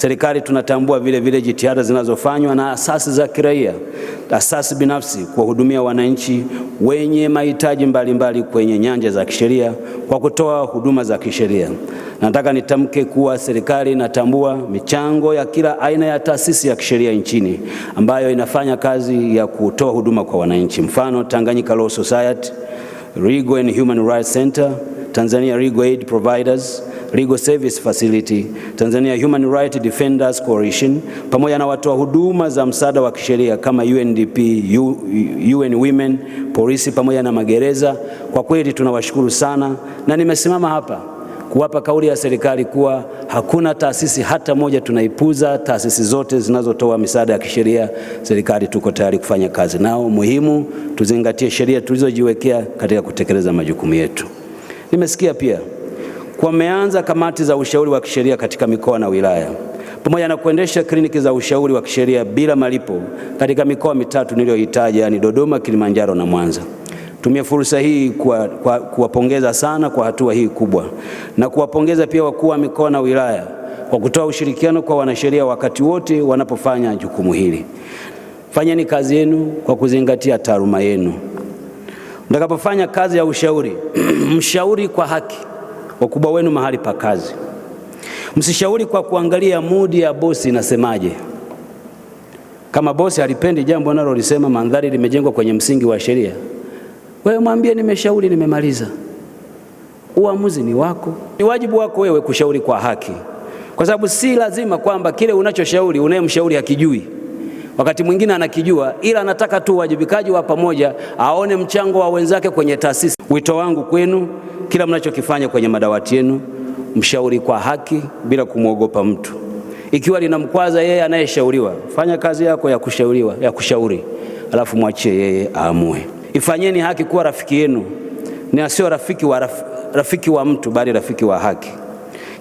Serikali tunatambua vile vile jitihada zinazofanywa na asasi za kiraia, asasi binafsi kuwahudumia wananchi wenye mahitaji mbalimbali kwenye nyanja za kisheria kwa kutoa huduma za kisheria. Nataka nitamke kuwa serikali inatambua michango ya kila aina ya taasisi ya kisheria nchini ambayo inafanya kazi ya kutoa huduma kwa wananchi, mfano Tanganyika Law Society, Legal and Human Rights Center Tanzania Legal Aid Providers, Legal Service Facility, Tanzania Human Rights Defenders Coalition pamoja na watoa huduma za msaada wa kisheria kama UNDP, UN Women, polisi pamoja na magereza. Kwa kweli tunawashukuru sana, na nimesimama hapa kuwapa kauli ya serikali kuwa hakuna taasisi hata moja tunaipuza. Taasisi zote zinazotoa misaada ya kisheria serikali tuko tayari kufanya kazi nao. Muhimu tuzingatie sheria tulizojiwekea katika kutekeleza majukumu yetu. Nimesikia pia kwameanza kamati za ushauri wa kisheria katika mikoa na wilaya pamoja na kuendesha kliniki za ushauri wa kisheria bila malipo katika mikoa mitatu niliyoitaja, yani Dodoma, Kilimanjaro na Mwanza. Tumia fursa hii kuwapongeza sana kwa hatua hii kubwa na kuwapongeza pia wakuu wa mikoa na wilaya kwa kutoa ushirikiano kwa wanasheria wakati wote wanapofanya jukumu hili. Fanyeni kazi yenu kwa kuzingatia taaluma yenu. Mtakapofanya kazi ya ushauri, mshauri kwa haki wakubwa wenu mahali pa kazi. Msishauri kwa kuangalia mudi ya bosi inasemaje. Kama bosi halipendi jambo analolisema, mandhari limejengwa kwenye msingi wa sheria, wewe mwambie nimeshauri, nimemaliza. Uamuzi ni wako, ni wajibu wako wewe kushauri kwa haki, kwa sababu si lazima kwamba kile unachoshauri unayemshauri hakijui wakati mwingine anakijua, ila anataka tu uwajibikaji wa pamoja, aone mchango wa wenzake kwenye taasisi. Wito wangu kwenu, kila mnachokifanya kwenye madawati yenu, mshauri kwa haki, bila kumwogopa mtu. Ikiwa linamkwaza yeye anayeshauriwa, fanya kazi yako ya kushauriwa, ya kushauri, alafu mwachie yeye aamue. Ifanyeni haki kuwa rafiki yenu, ni asio rafiki wa rafiki wa mtu, bali rafiki wa haki.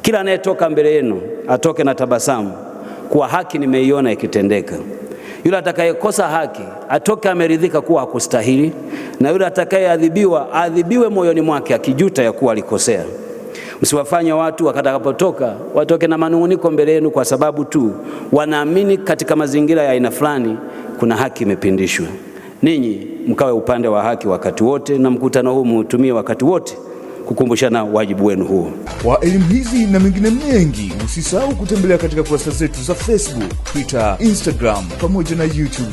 Kila anayetoka mbele yenu atoke na tabasamu, kuwa haki nimeiona ikitendeka. Yule atakayekosa haki atoke ameridhika kuwa hakustahili, na yule atakayeadhibiwa aadhibiwe moyoni mwake akijuta ya kuwa alikosea. Msiwafanye watu wakatakapotoka watoke na manung'uniko mbele yenu, kwa sababu tu wanaamini katika mazingira ya aina fulani kuna haki imepindishwa. Ninyi mkawe upande wa haki wakati wote, na mkutano huu muutumie wakati wote kukumbushana wajibu wenu huo. Kwa elimu hizi na mengine mengi, usisahau kutembelea katika kurasa zetu za Facebook, Twitter, Instagram pamoja na YouTube.